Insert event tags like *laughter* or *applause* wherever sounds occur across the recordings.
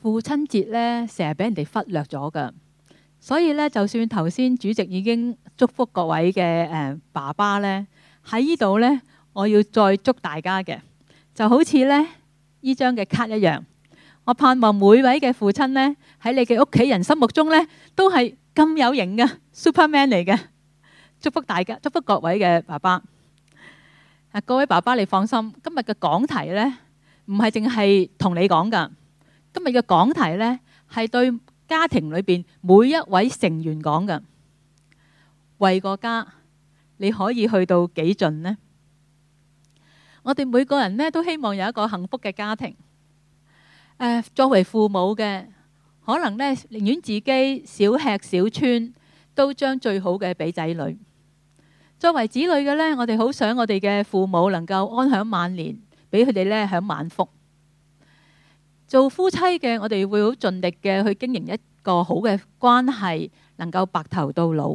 父親節呢，成日俾人哋忽略咗噶，所以呢，就算頭先主席已經祝福各位嘅爸爸呢，喺呢度呢，我要再祝大家嘅，就好似呢呢張嘅卡一樣。我盼望每位嘅父親呢，喺你嘅屋企人心目中呢，都係咁有型嘅 superman 嚟嘅。祝福大家，祝福各位嘅爸爸。各位爸爸，你放心，今日嘅講題呢，唔係淨係同你講噶。今日嘅講題呢，係對家庭裏邊每一位成員講嘅，為個家，你可以去到幾盡呢？我哋每個人呢都希望有一個幸福嘅家庭。誒，作為父母嘅，可能呢寧願自己少吃少穿，都將最好嘅俾仔女。作為子女嘅呢，我哋好想我哋嘅父母能夠安享晚年，俾佢哋呢享晚福。做夫妻嘅，我哋會好盡力嘅去經營一個好嘅關係，能夠白頭到老。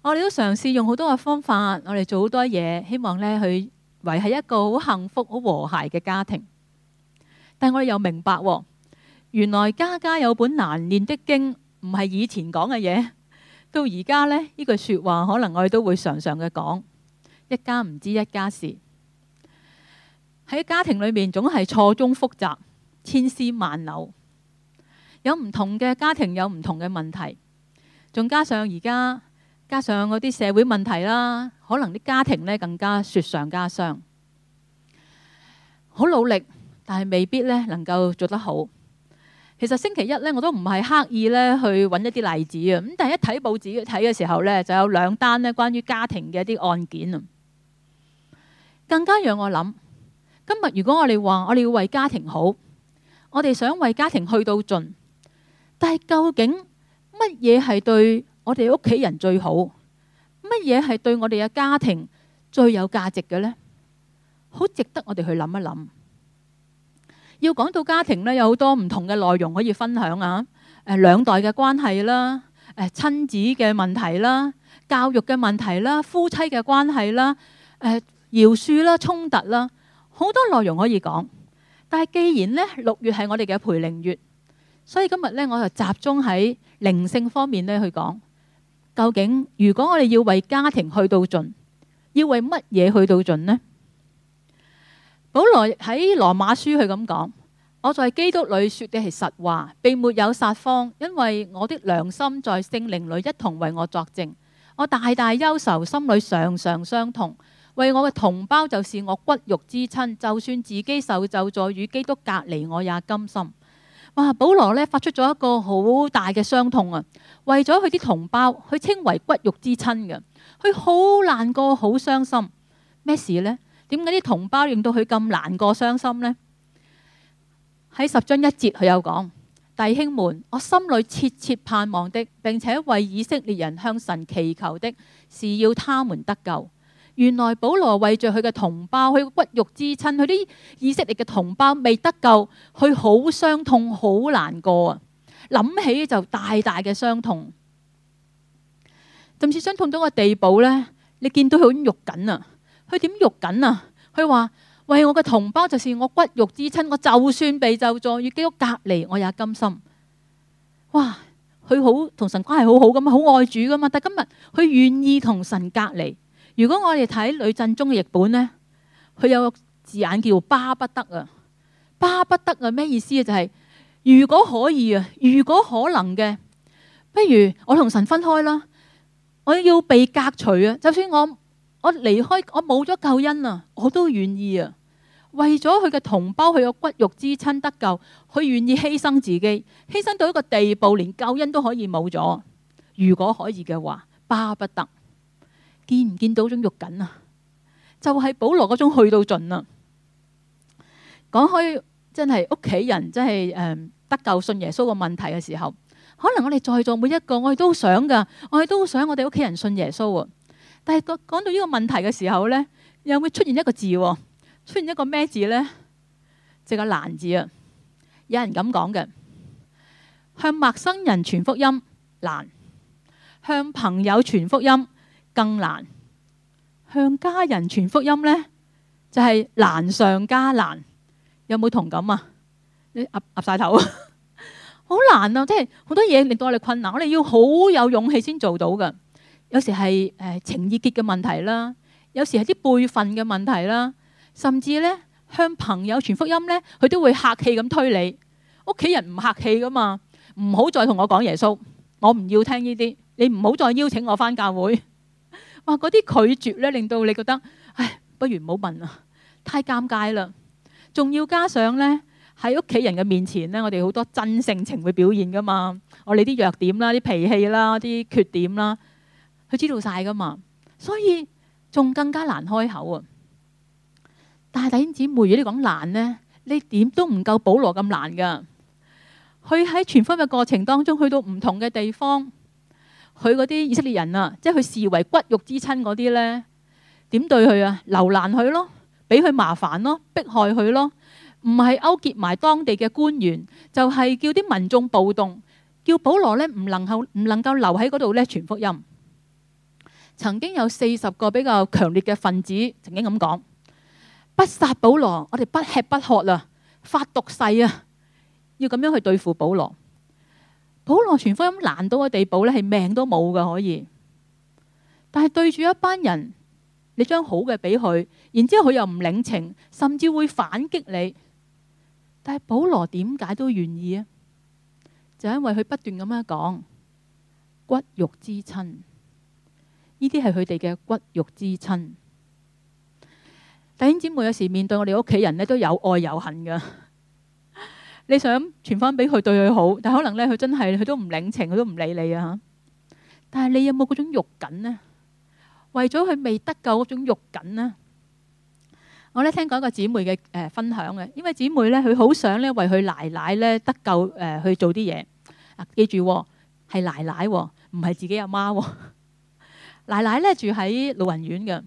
我哋都嘗試用好多嘅方法，我哋做好多嘢，希望呢去維係一個好幸福、好和諧嘅家庭。但我哋又明白喎，原來家家有本難念的經，唔係以前講嘅嘢。到而家呢，呢句説話可能我哋都會常常嘅講，一家唔知一家事。喺家庭裏面總係錯綜複雜、千絲萬縷，有唔同嘅家庭有唔同嘅問題，仲加上而家加上嗰啲社會問題啦，可能啲家庭呢更加雪上加霜。好努力，但係未必呢能夠做得好。其實星期一呢，我都唔係刻意呢去揾一啲例子啊。咁但係一睇報紙睇嘅時候呢，就有兩單呢關於家庭嘅一啲案件啊，更加讓我諗。今日如果我哋話我哋要為家庭好，我哋想為家庭去到盡，但係究竟乜嘢係對我哋屋企人最好？乜嘢係對我哋嘅家庭最有價值嘅呢？好值得我哋去諗一諗。要講到家庭呢，有好多唔同嘅內容可以分享啊！誒，兩代嘅關係啦，誒、啊，親子嘅問題啦，教育嘅問題啦，夫妻嘅關係啦，誒、啊，饒恕啦，衝突啦。好多內容可以講，但係既然咧六月係我哋嘅培靈月，所以今日咧我就集中喺靈性方面咧去講。究竟如果我哋要為家庭去到盡，要為乜嘢去到盡呢？保羅喺羅馬書佢咁講：我在基督裏説嘅係實話，並沒有撒謊，因為我的良心在聖靈裏一同為我作證。我大大憂愁，心裏常常傷痛。為我嘅同胞，就是我骨肉之親，就算自己受咒詛與基督隔離，我也甘心。哇！保羅呢發出咗一個好大嘅傷痛啊，為咗佢啲同胞，佢稱為骨肉之親嘅，佢好難過，好傷心。咩事呢？點解啲同胞令到佢咁難過傷心呢？喺十章一節，佢有講：弟兄們，我心裏切切盼望的，並且為以色列人向神祈求的，是要他們得救。原來保羅為著佢嘅同胞，佢骨肉之親，佢啲以色列嘅同胞未得救，佢好傷痛，好難過啊！諗起就大大嘅傷痛，甚至傷痛到個地步呢，你見到佢好肉緊啊？佢點肉緊啊？佢話：為我嘅同胞，就算我骨肉之親。我就算被咒詛與基督隔離，我也甘心。哇！佢好同神關係好好咁，好愛主噶嘛。但係今日佢願意同神隔離。如果我哋睇呂振中嘅譯本呢，佢有個字眼叫巴不得啊，巴不得啊，咩意思啊？就係如果可以啊，如果可能嘅，不如我同神分開啦，我要被隔除啊！就算我我離開，我冇咗救恩啊，我都願意啊！為咗佢嘅同胞，佢嘅骨肉之親得救，佢願意犧牲自己，犧牲到一個地步，連救恩都可以冇咗。如果可以嘅話，巴不得。見唔見到種肉緊啊？就係、是、保羅嗰種去到盡啦。講開真係屋企人真係誒得救信耶穌個問題嘅時候，可能我哋在座每一個我哋都想㗎，我哋都，想我，都想我哋屋企人信耶穌啊。但係講到呢個問題嘅時候呢，又會出現一個字？出現一個咩字呢？即、就、個、是、難字啊！有人咁講嘅，向陌生人傳福音難，向朋友傳福音。更難向家人傳福音呢，就係、是、難上加難。有冇同感啊？你岌岌晒頭， *laughs* 好難啊！即係好多嘢令到我哋困難，我哋要好有勇氣先做到噶。有時係誒情意結嘅問題啦，有時係啲輩分嘅問題啦，甚至呢，向朋友傳福音呢，佢都會客氣咁推你。屋企人唔客氣噶嘛，唔好再同我講耶穌，我唔要聽呢啲。你唔好再邀請我返教會。哇！嗰啲拒絕咧，令到你覺得，唉，不如唔好問啦，太尷尬啦。仲要加上咧，喺屋企人嘅面前咧，我哋好多真性情會表現噶嘛，我哋啲弱點啦、啲脾氣啦、啲缺點啦，佢知道晒噶嘛，所以仲更加難開口啊！但係大英姊妹，如果你講難呢，你點都唔夠保羅咁難噶。佢喺傳福音嘅過程當中，去到唔同嘅地方。佢嗰啲以色列人啊，即係佢視為骨肉之親嗰啲呢，點對佢啊？流難佢咯，俾佢麻煩咯，迫害佢咯，唔係勾結埋當地嘅官員，就係叫啲民眾暴動，叫保羅呢唔能夠唔能夠留喺嗰度呢傳福音。曾經有四十個比較強烈嘅分子曾經咁講：不殺保羅，我哋不吃不喝啦，發毒誓啊！要咁樣去對付保羅。保羅全福音難到嘅地步呢，係命都冇㗎可以。但係對住一班人，你將好嘅俾佢，然之後佢又唔領情，甚至會反擊你。但係保羅點解都願意啊？就因為佢不斷咁樣講骨肉之親，呢啲係佢哋嘅骨肉之親。弟兄姊妹有時面對我哋屋企人呢，都有愛有恨㗎。你想傳翻俾佢對佢好，但可能咧佢真係佢都唔領情，佢都唔理你啊！吓，但係你有冇嗰種肉緊呢？為咗佢未得救嗰種肉緊呢？我咧聽講個姊妹嘅誒分享嘅，因為姊妹咧佢好想咧為佢奶奶咧得救誒去做啲嘢。記住係奶奶，唔係自己阿媽。奶奶咧住喺老人院嘅，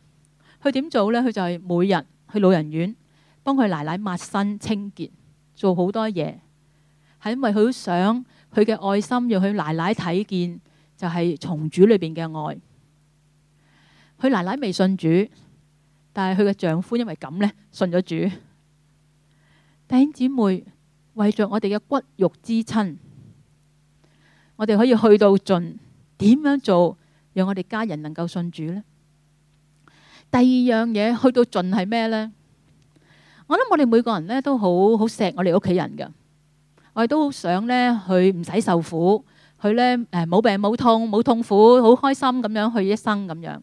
佢點做咧？佢就係每日去老人院幫佢奶奶抹身清潔。做好多嘢，係因為佢好想佢嘅愛心讓佢奶奶睇見，就係從主裏邊嘅愛。佢奶奶未信主，但係佢嘅丈夫因為咁呢信咗主。弟兄姊妹，為着我哋嘅骨肉之親，我哋可以去到盡，點樣做讓我哋家人能夠信主呢？第二樣嘢去到盡係咩呢？我諗我哋每個人咧都好好錫我哋屋企人噶，我哋都好想咧佢唔使受苦，佢咧誒冇病冇痛冇痛苦，好開心咁樣去一生咁樣。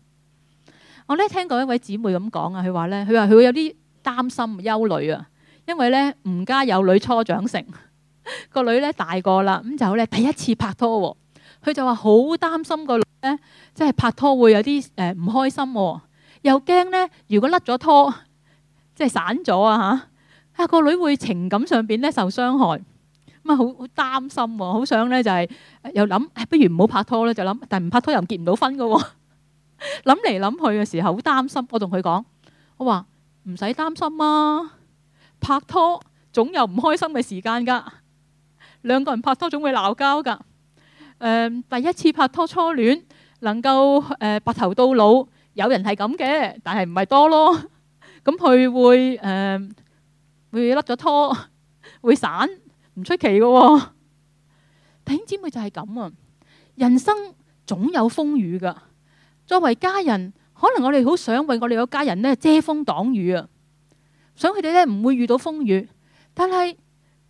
我咧聽過一位姊妹咁講啊，佢話咧佢話佢會有啲擔心憂慮啊，因為咧吾家有女初長成，個女咧大個啦，咁就咧第一次拍拖喎，佢就話好擔心個女咧即係拍拖會有啲誒唔開心，又驚咧如果甩咗拖。即係散咗啊！嚇啊，個女會情感上邊咧受傷害，咁啊好好擔心喎，好想咧就係又諗，不如唔好拍拖啦，就諗，但係唔拍拖又結唔到婚㗎喎。諗嚟諗去嘅時候好擔心，我同佢講，我話唔使擔心啊，拍拖總有唔開心嘅時間㗎，兩個人拍拖總會鬧交㗎。誒第一次拍拖、初戀能夠誒白頭到老，有人係咁嘅，但係唔係多咯。咁佢會誒會甩咗拖，會散，唔出奇噶。弟兄姊妹就係咁啊！人生總有風雨噶。作為家人，可能我哋好想為我哋嘅家人咧遮風擋雨啊，想佢哋咧唔會遇到風雨。但係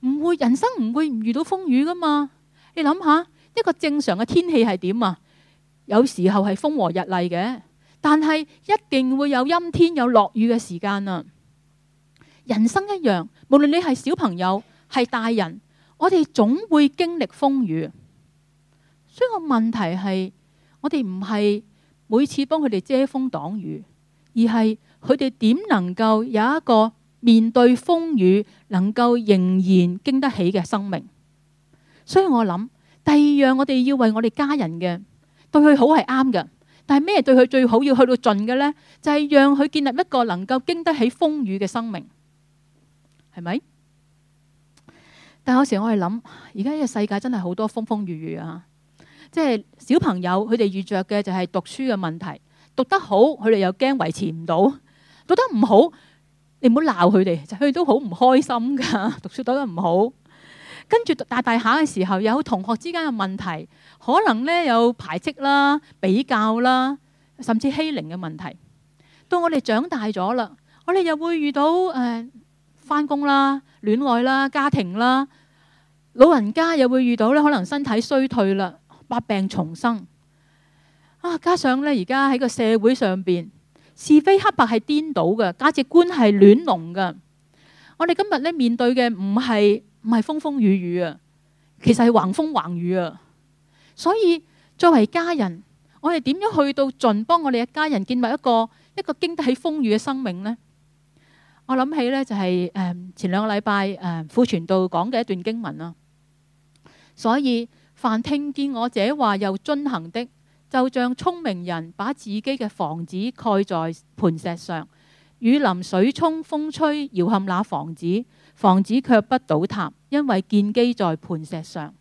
唔會人生唔會唔遇到風雨噶嘛？你諗下，一個正常嘅天氣係點啊？有時候係風和日麗嘅。但係一定會有陰天、有落雨嘅時間啊。人生一樣，無論你係小朋友、係大人，我哋總會經歷風雨。所以我問題係，我哋唔係每次幫佢哋遮風擋雨，而係佢哋點能夠有一個面對風雨能夠仍然經得起嘅生命。所以我諗，第二樣我哋要為我哋家人嘅對佢好係啱嘅。但係咩對佢最好，要去到盡嘅呢？就係讓佢建立一個能夠經得起風雨嘅生命，係咪？但有時我係諗，而家呢個世界真係好多風風雨雨啊！即係小朋友佢哋遇着嘅就係讀書嘅問題，讀得好佢哋又驚維持唔到，讀得唔好，你唔好鬧佢哋，佢哋都好唔開心噶，讀書讀得唔好。跟住大大下嘅時候，有同學之間嘅問題，可能咧有排斥啦、比較啦，甚至欺凌嘅問題。到我哋長大咗啦，我哋又會遇到誒翻工啦、戀愛啦、家庭啦，老人家又會遇到咧，可能身體衰退啦、百病叢生啊！加上咧，而家喺個社會上邊是非黑白係顛倒嘅，價值觀係亂籠嘅。我哋今日咧面對嘅唔係。唔係風風雨雨啊，其實係橫風橫雨啊。所以作為家人，我哋點樣去到盡幫我哋嘅家人建立一個一個經得起風雨嘅生命呢？我諗起呢、就是，就係誒前兩個禮拜誒傅傳道講嘅一段經文啊。所以凡聽見我這話又遵行的，就像聰明人把自己嘅房子蓋在磐石上，雨淋、水沖，風吹搖撼那房子。房子卻不倒塌，因為建基在磐石上。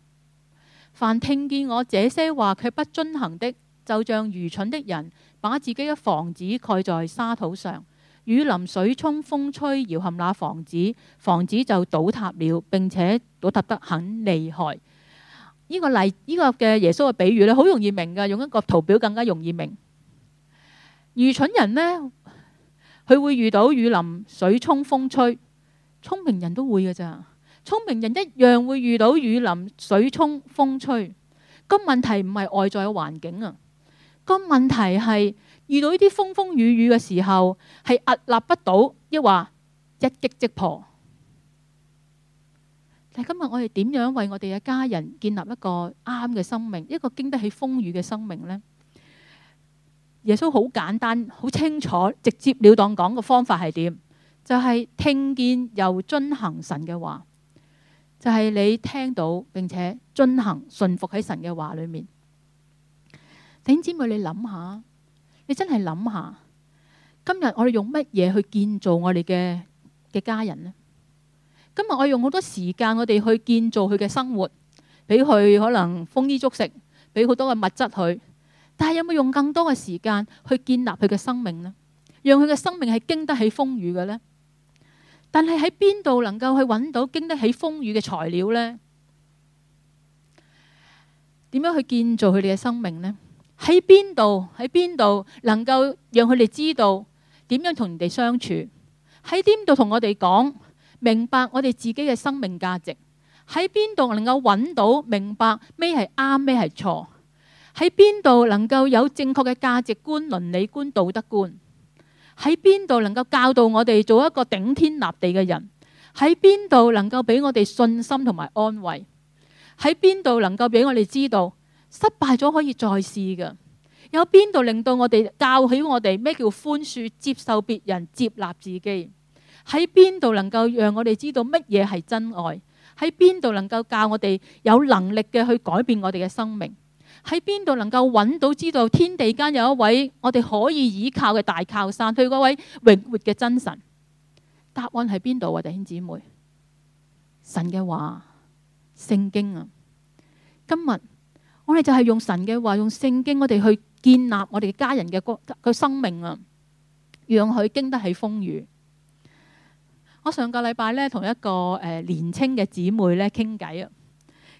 凡聽見我這些話卻不遵行的，就像愚蠢的人把自己嘅房子蓋在沙土上。雨淋、水沖、風吹，搖撼那房子，房子就倒塌了，並且倒塌得很厲害。呢、這個例，呢、這個嘅耶穌嘅比喻咧，好容易明嘅，用一個圖表更加容易明。愚蠢人呢，佢會遇到雨淋、水沖、風吹。聰明人都會嘅咋，聰明人一樣會遇到雨淋、水沖、風吹。噉問題唔係外在嘅環境啊，噉問題係遇到啲風風雨雨嘅時候，係屹立不倒，抑或一擊即破。但係今日我哋點樣為我哋嘅家人建立一個啱嘅生命，一個經得起風雨嘅生命呢？耶穌好簡單、好清楚、直接了當講嘅方法係點？就係聽見又遵行神嘅話，就係你聽到並且遵行信服喺神嘅話裏面。頂尖妹，你諗下，你真係諗下，今日我哋用乜嘢去建造我哋嘅嘅家人呢？今日我用好多時間，我哋去建造佢嘅生活，俾佢可能豐衣足食，俾好多嘅物質佢。但係有冇用更多嘅時間去建立佢嘅生命呢？讓佢嘅生命係經得起風雨嘅呢？但係喺邊度能夠去搵到經得起風雨嘅材料呢？點樣去建造佢哋嘅生命呢？喺邊度喺邊度能夠讓佢哋知道點樣同人哋相處？喺邊度同我哋講明白我哋自己嘅生命價值？喺邊度能夠搵到明白咩係啱咩係錯？喺邊度能夠有正確嘅價值觀、倫理觀、道德觀？喺邊度能夠教導我哋做一個頂天立地嘅人？喺邊度能夠俾我哋信心同埋安慰？喺邊度能夠俾我哋知道失敗咗可以再試嘅？有邊度令到我哋教起我哋咩叫寬恕、接受別人、接納自己？喺邊度能夠讓我哋知道乜嘢係真愛？喺邊度能夠教我哋有能力嘅去改變我哋嘅生命？喺邊度能夠揾到，知道天地間有一位我哋可以倚靠嘅大靠山，佢嗰位永活嘅真神？答案係邊度啊，弟兄姊妹？神嘅話，聖經啊。今日我哋就係用神嘅話，用聖經，我哋去建立我哋家人嘅個生命啊，讓佢經得起風雨。我上個禮拜呢，同一個誒年青嘅姊妹咧傾偈啊。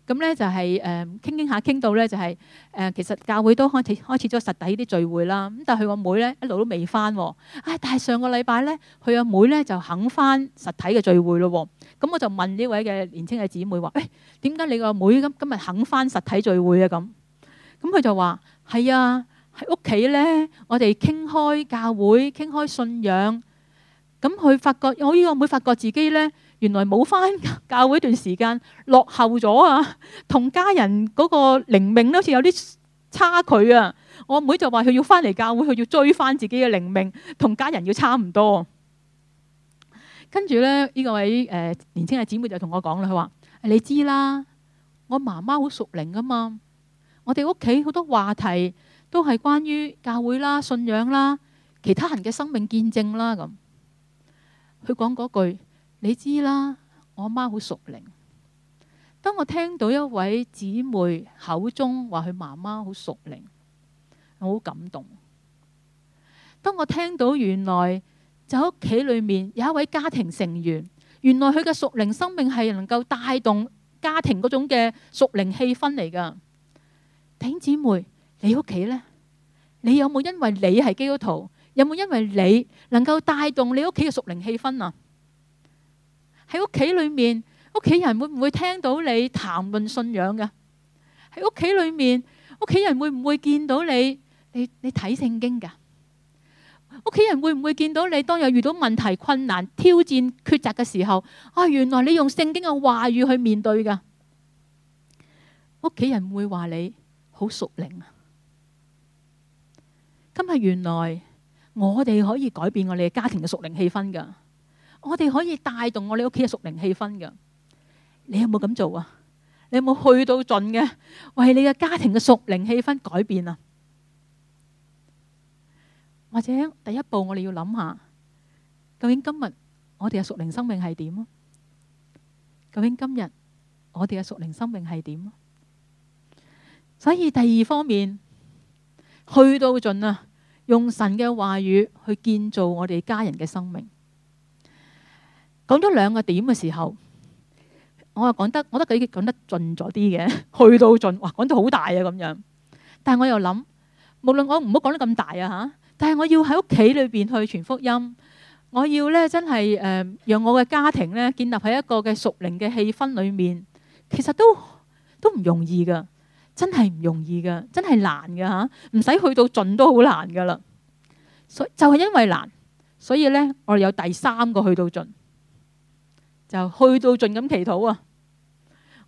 咁咧就係誒傾傾下傾到咧就係誒其實教會都開始開始咗實體啲聚會啦，咁但係佢個妹咧一路都未翻喎。唉，但係上個禮拜咧，佢阿妹咧就肯翻實體嘅聚會咯。咁我就問呢位嘅年輕嘅姊妹話：誒點解你個妹咁今日肯翻實體聚會啊？咁咁佢就話：係啊，喺屋企咧，我哋傾開教會，傾開信仰。咁佢發覺，我呢個妹發覺自己咧。原來冇翻教會一段時間，落後咗啊！同家人嗰個靈命都好似有啲差距啊。我妹就話：佢要翻嚟教會，佢要追翻自己嘅靈命，同家人要差唔多。跟住咧，呢個位誒年青嘅姊妹就同我講啦，佢話：你知啦，我媽媽好熟靈噶嘛。我哋屋企好多話題都係關於教會啦、信仰啦、其他人嘅生命見證啦。咁佢講嗰句。你知啦，我阿媽好屬靈。當我聽到一位姊妹口中話佢媽媽好屬靈，我好感動。當我聽到原來就喺屋企裏面有一位家庭成員，原來佢嘅屬靈生命係能夠帶動家庭嗰種嘅屬靈氣氛嚟噶。弟兄姊妹，你屋企呢？你有冇因為你係基督徒？有冇因為你能夠帶動你屋企嘅屬靈氣氛啊？喺屋企裏面，屋企人會唔會聽到你談論信仰噶？喺屋企裏面，屋企人會唔會見到你？你你睇聖經噶？屋企人會唔會見到你？當有遇到問題、困難、挑戰、抉擇嘅時候，啊，原來你用聖經嘅話語去面對噶。屋企人會話你好屬靈啊！今日原來我哋可以改變我哋嘅家庭嘅屬靈氣氛噶。我哋可以帶動我哋屋企嘅屬靈氣氛嘅，你有冇咁做啊？你有冇去到盡嘅，為你嘅家庭嘅屬靈氣氛改變啊？或者第一步我哋要諗下，究竟今日我哋嘅屬靈生命係點啊？究竟今日我哋嘅屬靈生命係點啊？所以第二方面，去到盡啊，用神嘅話語去建造我哋家人嘅生命。講咗兩個點嘅時候，我又講得，我覺得佢講得盡咗啲嘅，去到盡哇，講到好大啊咁樣。但係我又諗，無論我唔好講得咁大啊吓，但係我要喺屋企裏邊去傳福音，我要咧真係誒，讓我嘅家庭咧建立喺一個嘅熟靈嘅氣氛裏面，其實都都唔容易嘅，真係唔容易嘅，真係難嘅吓，唔使去到盡都好難噶啦。所以就係、是、因為難，所以咧我哋有第三個去到盡。就去到盡咁祈禱啊！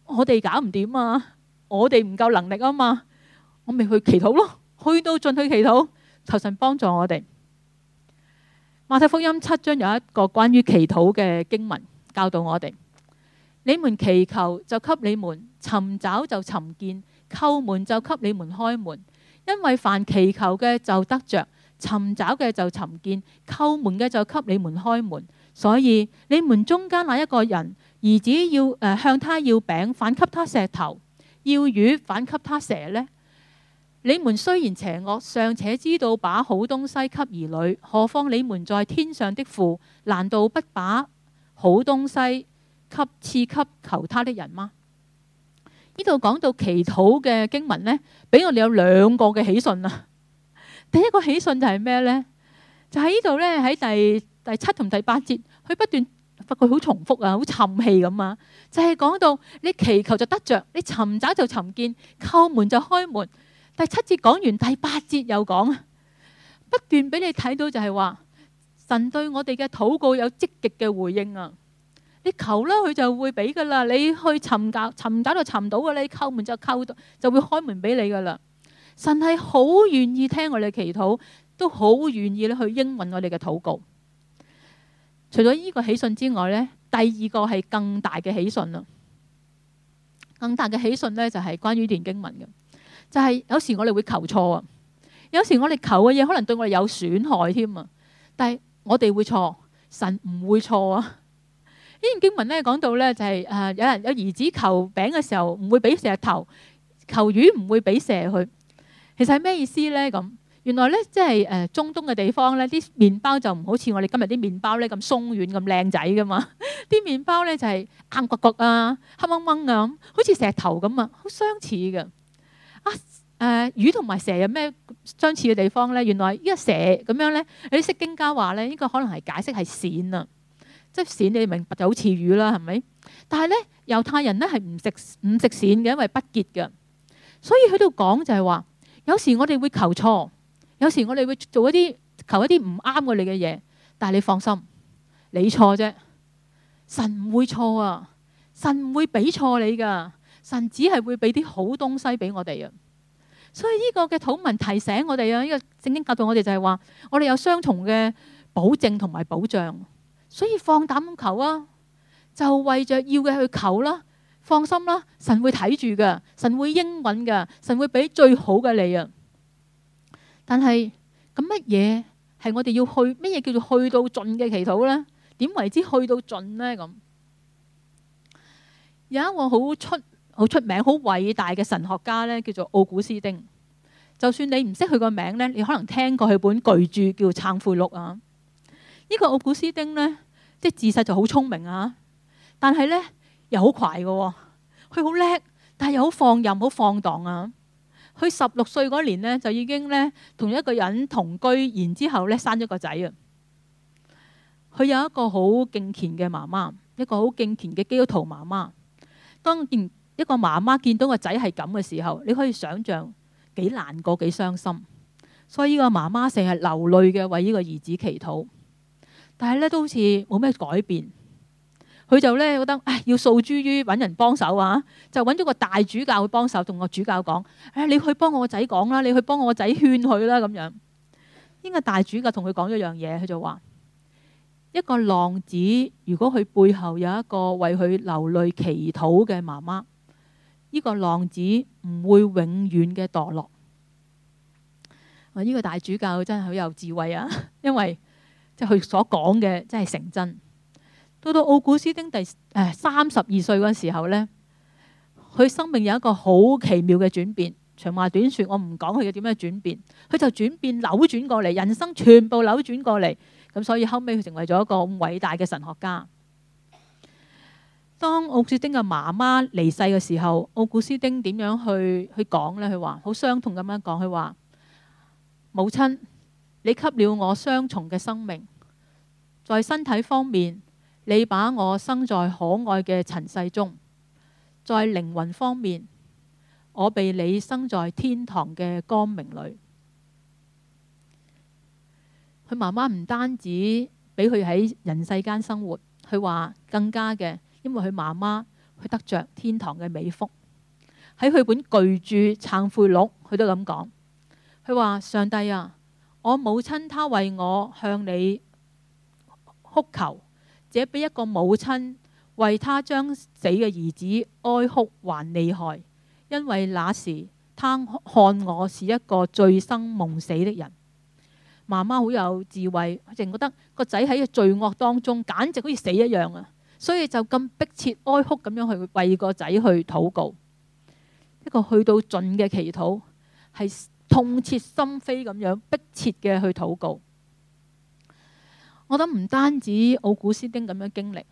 我哋搞唔掂啊！我哋唔夠能力啊嘛！我咪去祈禱咯，去到盡去祈禱，求神幫助我哋。馬太福音七章有一個關於祈禱嘅經文教導我哋：你們祈求就給你們，尋找就尋見，叩門就給你們開門。因為凡祈求嘅就得着，尋找嘅就尋見，叩門嘅就給你們開門。所以你們中間那一個人兒子要、呃、向他要餅，反給他石頭；要魚，反給他蛇呢。你們雖然邪惡，尚且知道把好東西給兒女，何況你們在天上的父，難道不把好東西給賜給求他的人嗎？呢度講到祈禱嘅經文呢，俾我哋有兩個嘅喜訊啊！第一個喜訊就係咩呢？就喺呢度呢。喺第第七同第八節，佢不斷發覺好重複啊，好沉氣咁啊，就係、是、講到你祈求就得着，你尋找就尋見，叩門就開門。第七節講完，第八節又講，不斷俾你睇到就係話神對我哋嘅禱告有積極嘅回應啊！你求啦，佢就會俾噶啦。你去尋找，尋找就尋到噶啦。你叩門就叩到就會開門俾你噶啦。神係好願意聽我哋祈禱，都好願意咧去應允我哋嘅禱告。除咗依個喜訊之外咧，第二個係更大嘅喜訊啦，更大嘅喜訊咧就係關於段經文嘅，就係、是、有時我哋會求錯啊，有時我哋求嘅嘢可能對我哋有損害添啊，但係我哋會錯，神唔會錯啊！呢段經文咧講到咧就係誒有人有兒子求餅嘅時候唔會俾石頭，求魚唔會俾蛇去，其實係咩意思咧咁？原來咧，即係誒、呃、中東嘅地方咧，啲麵包就唔好似我哋今日啲麵包咧咁鬆軟咁靚仔噶嘛。啲 *laughs* 麵包咧就係、是、硬骨骨啊，黑掹掹啊，咁好似石頭咁啊，好相似嘅啊。誒、呃、魚同埋蛇有咩相似嘅地方咧？原來呢個蛇咁樣咧，你識經家話咧，依個可能係解釋係鱔啊，即係鱔，你明白就好似魚啦，係咪？但係咧，猶太人咧係唔食唔食鱔嘅，因為不潔嘅。所以佢度講就係、是、話，有時我哋會求錯。有時我哋會做一啲求一啲唔啱我哋嘅嘢，但係你放心，你錯啫，神唔會錯啊，神唔會俾錯你噶，神只係會俾啲好東西俾我哋啊。所以呢個嘅土文提醒我哋啊，呢、這個聖經教導我哋就係話，我哋有雙重嘅保證同埋保障，所以放膽求啊，就為着要嘅去求啦、啊，放心啦，神會睇住噶，神會應允噶，神會俾最好嘅你啊。但係咁，乜嘢係我哋要去？乜嘢叫做去到盡嘅祈禱呢？點為之去到盡呢？咁有一個好出好出名、好偉大嘅神學家呢，叫做奧古斯丁。就算你唔識佢個名呢，你可能聽過佢本巨著叫做《懺悔錄》啊。呢、這個奧古斯丁呢，即係自細就好聰明啊，但係呢，又好壞嘅喎。佢好叻，但係又好放任、好放蕩啊。佢十六歲嗰年呢，就已經呢，同一個人同居，然之後呢，生咗個仔啊。佢有一個好敬虔嘅媽媽，一個好敬虔嘅基督徒媽媽。當見一個媽媽見到個仔係咁嘅時候，你可以想象幾難過、幾傷心。所以呢個媽媽成日流淚嘅為呢個兒子祈禱，但係呢都好似冇咩改變。佢就呢，覺得唉要訴諸於揾人幫手啊，就揾咗個大主教去幫手，同個主教講：唉，你去幫我個仔講啦，你去幫我個仔勸佢啦，咁樣。呢個大主教同佢講咗樣嘢，佢就話：一個浪子如果佢背後有一個為佢流淚祈禱嘅媽媽，呢個浪子唔會永遠嘅墮落。啊！呢個大主教真係好有智慧啊，因為即係佢所講嘅真係成真。到到奧古斯丁第三十二歲嗰時候呢，佢生命有一個好奇妙嘅轉變。長話短說，我唔講佢嘅點樣轉變，佢就轉變扭轉過嚟，人生全部扭轉過嚟咁，所以後尾佢成為咗一個好偉大嘅神學家。當奧古斯丁嘅媽媽離世嘅時候，奧古斯丁點樣去去講呢？佢話好傷痛咁樣講，佢話母親，你給了我雙重嘅生命，在身體方面。你把我生在可愛嘅塵世中，在靈魂方面，我被你生在天堂嘅光明裏。佢媽媽唔單止俾佢喺人世間生活，佢話更加嘅，因為佢媽媽佢得着天堂嘅美福。喺佢本巨著《懺悔錄》，佢都咁講。佢話：上帝啊，我母親她為我向你哭求。或者俾一個母親為他將死嘅兒子哀哭還厲害，因為那時他看我是一個醉生夢死的人。媽媽好有智慧，佢淨覺得個仔喺罪惡當中簡直好似死一樣啊！所以就咁迫切哀哭咁樣去為個仔去禱告，一個去到盡嘅祈禱，係痛徹心扉咁樣迫切嘅去禱告。我諗唔單止奧古斯丁咁樣經歷，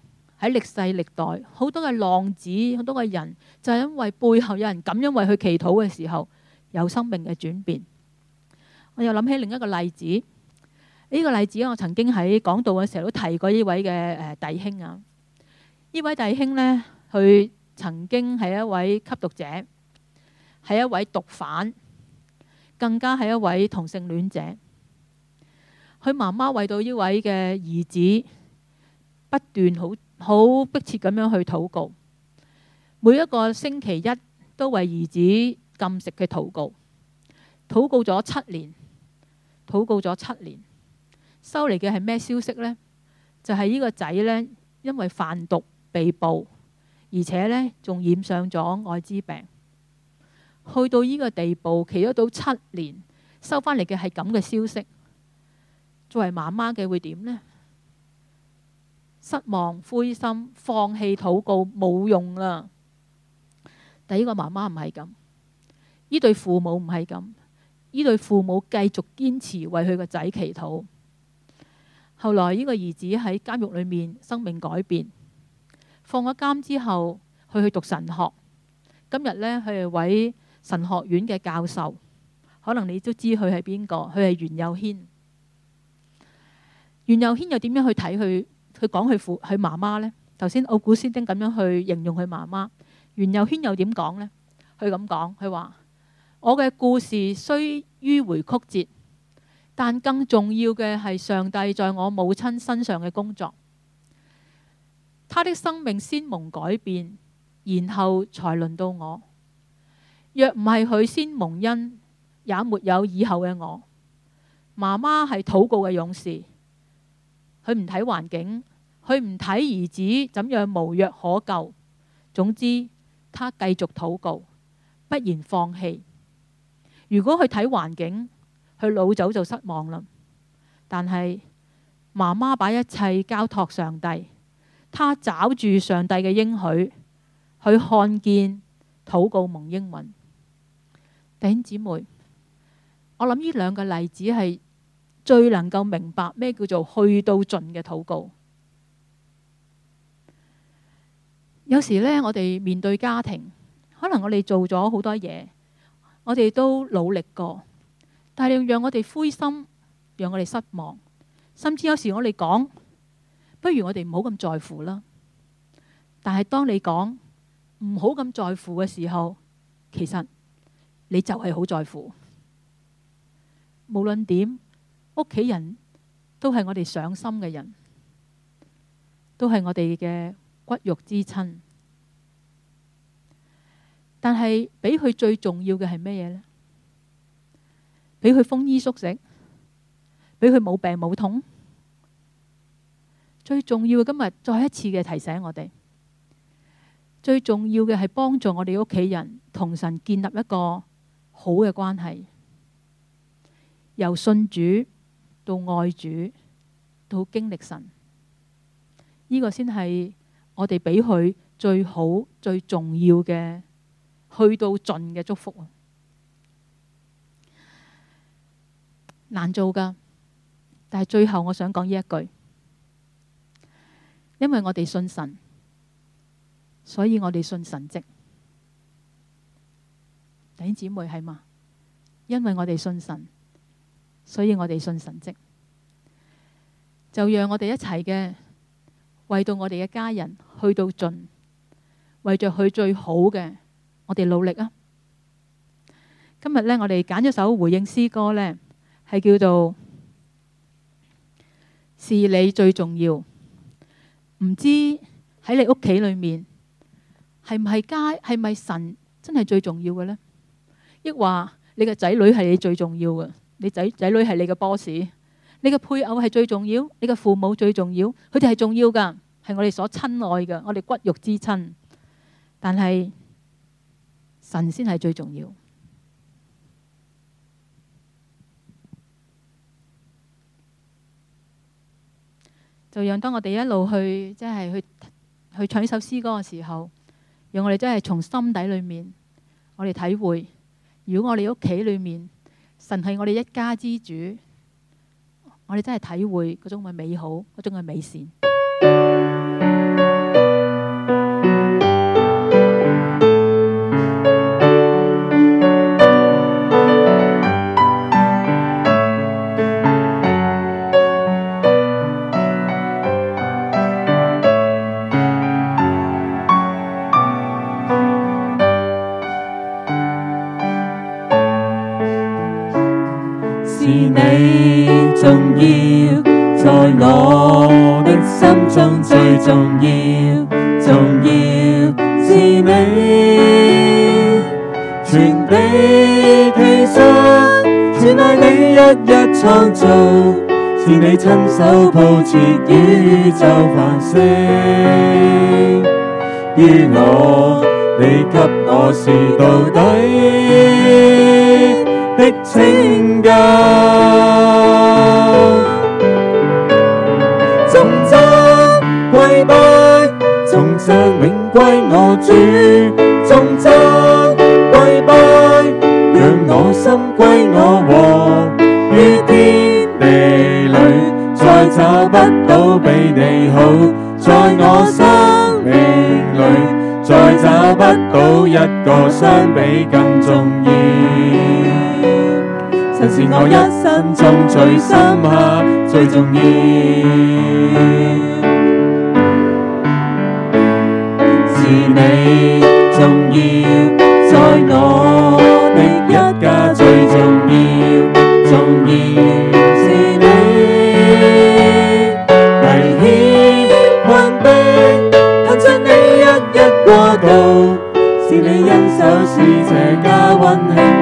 喺歷世歷代，好多嘅浪子，好多嘅人，就係因為背後有人咁樣為佢祈禱嘅時候，有生命嘅轉變。我又諗起另一個例子，呢個例子我曾經喺講道嘅時候都提過，呢位嘅弟兄啊，呢位弟兄呢，佢曾經係一位吸毒者，係一位毒販，更加係一位同性戀者。佢媽媽為到呢位嘅兒子不斷好好迫切咁樣去禱告，每一個星期一都為兒子禁食嘅禱告，禱告咗七年，禱告咗七年，收嚟嘅係咩消息呢？就係、是、呢個仔呢，因為販毒被捕，而且呢仲染上咗愛滋病，去到呢個地步，祈禱咗七年，收返嚟嘅係咁嘅消息。作為媽媽嘅會點呢？失望、灰心、放棄，禱告冇用啦。第一個媽媽唔係咁，呢對父母唔係咁，呢對父母繼續堅持為佢個仔祈禱。後來呢個兒子喺監獄裏面生命改變，放咗監之後，佢去讀神學。今日呢，佢係位神學院嘅教授，可能你都知佢係邊個？佢係袁幼軒。袁又軒又點樣去睇佢？佢講佢父佢媽媽呢？頭先奧古斯丁咁樣去形容佢媽媽，袁又軒又點講呢？佢咁講，佢話我嘅故事雖迂回曲折，但更重要嘅係上帝在我母親身上嘅工作。她的生命先蒙改變，然後才輪到我。若唔係佢先蒙恩，也沒有以後嘅我。媽媽係禱告嘅勇士。佢唔睇環境，佢唔睇兒子怎樣無藥可救。總之，他繼續禱告，不願放棄。如果佢睇環境，佢老早就失望啦。但係媽媽把一切交託上帝，他找住上帝嘅應許，去看見禱告蒙應允。弟兄姊妹，我諗呢兩個例子係。最能夠明白咩叫做去到盡嘅禱告。有時呢，我哋面對家庭，可能我哋做咗好多嘢，我哋都努力過，但係讓我哋灰心，讓我哋失望，甚至有時我哋講，不如我哋唔好咁在乎啦。但係當你講唔好咁在乎嘅時候，其實你就係好在乎，無論點。屋企人都係我哋上心嘅人，都係我哋嘅骨肉之親。但係俾佢最重要嘅係咩嘢呢？俾佢豐衣足食，俾佢冇病冇痛。最重要嘅今日再一次嘅提醒我哋，最重要嘅係幫助我哋屋企人同神建立一個好嘅關係，由信主。到愛主，到經歷神，呢個先係我哋俾佢最好、最重要嘅，去到盡嘅祝福啊！難做噶，但係最後我想講呢一句，因為我哋信神，所以我哋信神蹟。弟兄姊妹係嘛？因為我哋信神。所以我哋信神跡，就讓我哋一齊嘅為到我哋嘅家人去到盡，為着佢最好嘅，我哋努力啊！今日呢，我哋揀咗首回應詩歌呢，係叫做《是你最重要》。唔知喺你屋企裏面係唔係家，係咪神真係最重要嘅呢？亦話你嘅仔女係你最重要嘅。你仔仔女係你嘅 boss，你嘅配偶係最重要，你嘅父母最重要，佢哋係重要噶，係我哋所親愛嘅，我哋骨肉之親。但係神仙係最重要，就讓當我哋一路去，即係去去唱呢首詩歌嘅時候，讓我哋真係從心底裏面，我哋體會，如果我哋屋企裏面。神係我哋一家之主，我哋真係體會嗰種嘅美好，嗰種嘅美善。宇宙繁星於我，你給我是道德。我一生中最深刻、最重要，是你重要，在我的一家最重要，重要是你，危險困逼，踏着你一一過渡，是你恩手是這家溫馨。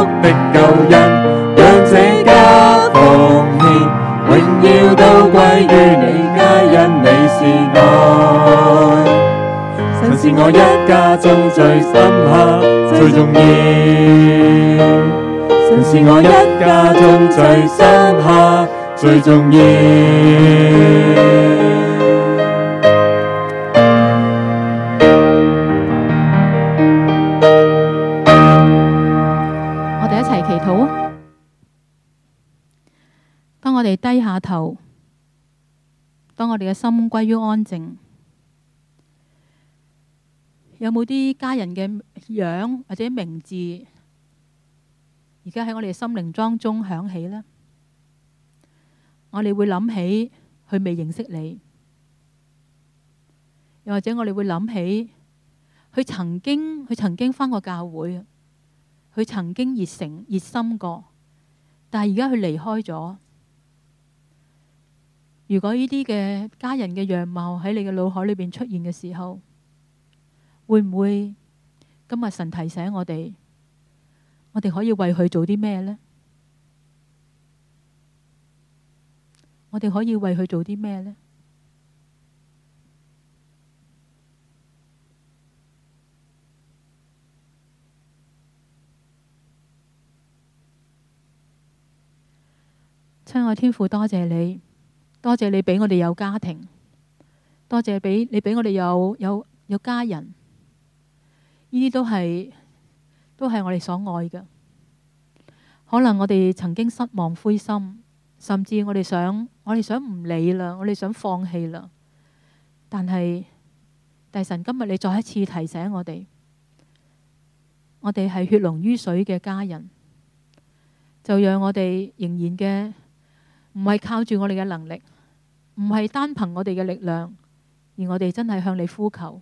的救恩，讓這家奉獻，榮耀都歸於你，皆因你是愛。神是我一家中最深刻、最重要。神是我一家中最深刻、最重要。我哋低下頭，當我哋嘅心歸於安靜，有冇啲家人嘅樣或者名字，而家喺我哋嘅心靈當中響起呢？我哋會諗起佢未認識你，又或者我哋會諗起佢曾經佢曾經返過教會，佢曾經熱誠熱心過，但係而家佢離開咗。如果呢啲嘅家人嘅樣貌喺你嘅腦海裏面出現嘅時候，會唔會今日神提醒我哋，我哋可以為佢做啲咩咧？我哋可以為佢做啲咩咧？親愛天父，多謝你。多謝你俾我哋有家庭，多謝俾你俾我哋有有有家人，呢啲都係都係我哋所愛嘅。可能我哋曾經失望灰心，甚至我哋想我哋想唔理啦，我哋想，想放棄啦。但係，大神今日你再一次提醒我哋，我哋係血濃於水嘅家人，就讓我哋仍然嘅唔係靠住我哋嘅能力。唔係單憑我哋嘅力量，而我哋真係向你呼求，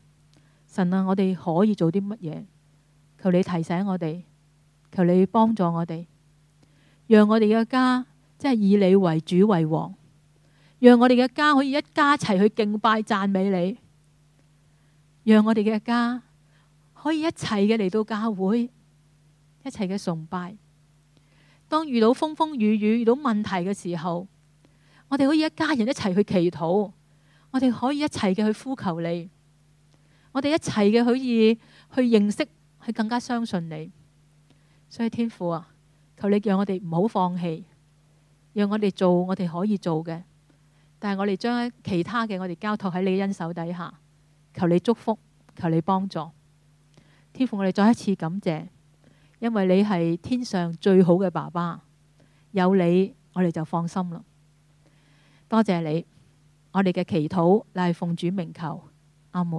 神啊！我哋可以做啲乜嘢？求你提醒我哋，求你幫助我哋，讓我哋嘅家即係以你為主為王，讓我哋嘅家可以一家齊去敬拜讚美你，讓我哋嘅家可以一齊嘅嚟到教會，一齊嘅崇拜。當遇到風風雨雨，遇到問題嘅時候，我哋可以一家人一齊去祈禱，我哋可以一齊嘅去呼求你，我哋一齊嘅可以去認識，去更加相信你。所以天父啊，求你讓我哋唔好放棄，讓我哋做我哋可以做嘅，但係我哋將其他嘅我哋交托喺你嘅恩手底下，求你祝福，求你幫助，天父，我哋再一次感謝，因為你係天上最好嘅爸爸，有你我哋就放心啦。多謝你，我哋嘅祈禱乃奉主名求，阿門。